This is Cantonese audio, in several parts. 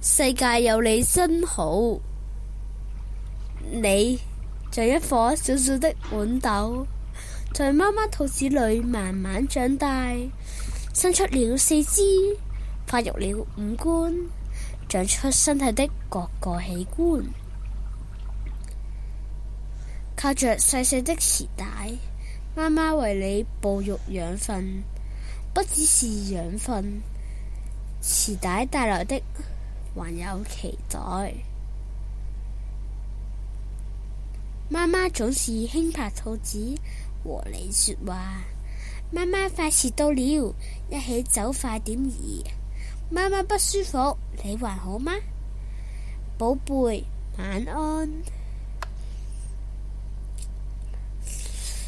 世界有你真好。你像一顆小小的豌豆，在媽媽肚子裏慢慢長大，伸出了四肢，發育了五官，長出身體的各個器官。靠着細細的臍帶，媽媽為你哺育養分，不只是養分，臍帶帶來的。還有期待，媽媽總是輕拍肚子和你說話。媽媽快遲到了，一起走快點。媽媽不舒服，你還好嗎，寶貝？晚安。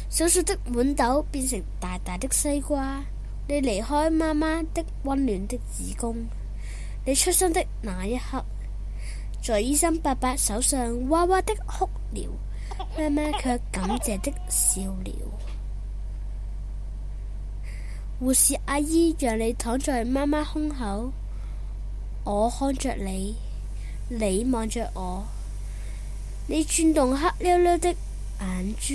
小小的豌豆變成大大的西瓜，你離開媽媽的溫暖的子宮。你出生的那一刻，在醫生伯伯手上哇哇的哭了，媽媽卻感謝的笑了。 護士阿姨讓你躺在媽媽胸口，我看着你，你望着我，你轉動黑溜溜的眼珠，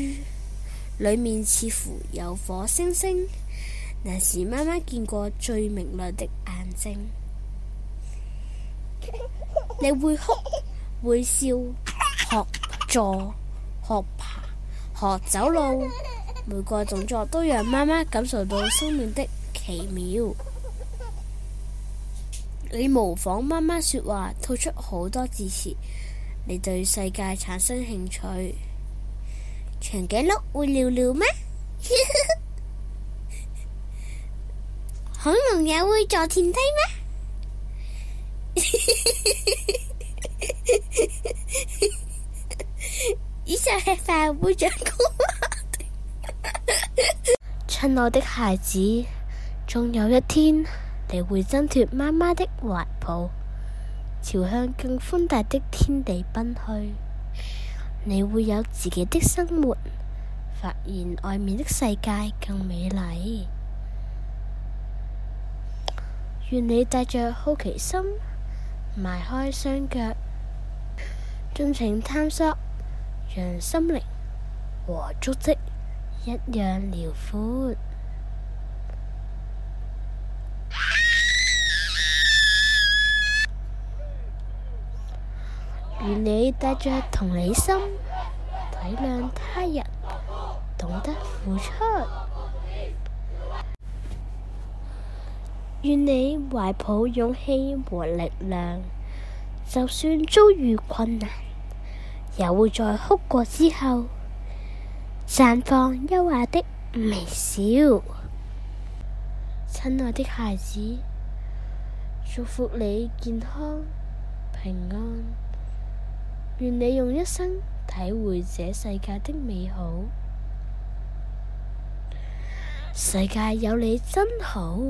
裏面似乎有火星星，那是媽媽見過最明亮的眼睛。你會哭會笑，學坐學爬學走路，每個動作都讓媽媽感受到生命的奇妙。你模仿媽媽說話，吐出好多字詞，你對世界產生興趣。長頸鹿會尿尿咩？恐 龍 也會坐電梯咩？親愛 的， 的孩子，總有一天你會掙脫媽媽的懷抱，朝向更寬大的天地奔去。你會有自己的生活，發現外面的世界更美麗。願你帶着好奇心。邁開雙腳，盡情探索，讓心靈和足跡一樣遼闊。 願你帶着同理心，體諒他人，懂得付出。願你懷抱勇氣和力量，就算遭遇困難，也會在哭過之後，綻放優雅的微笑。親愛的孩子，祝福你健康平安。願你用一生體會這世界的美好。世界有你真好。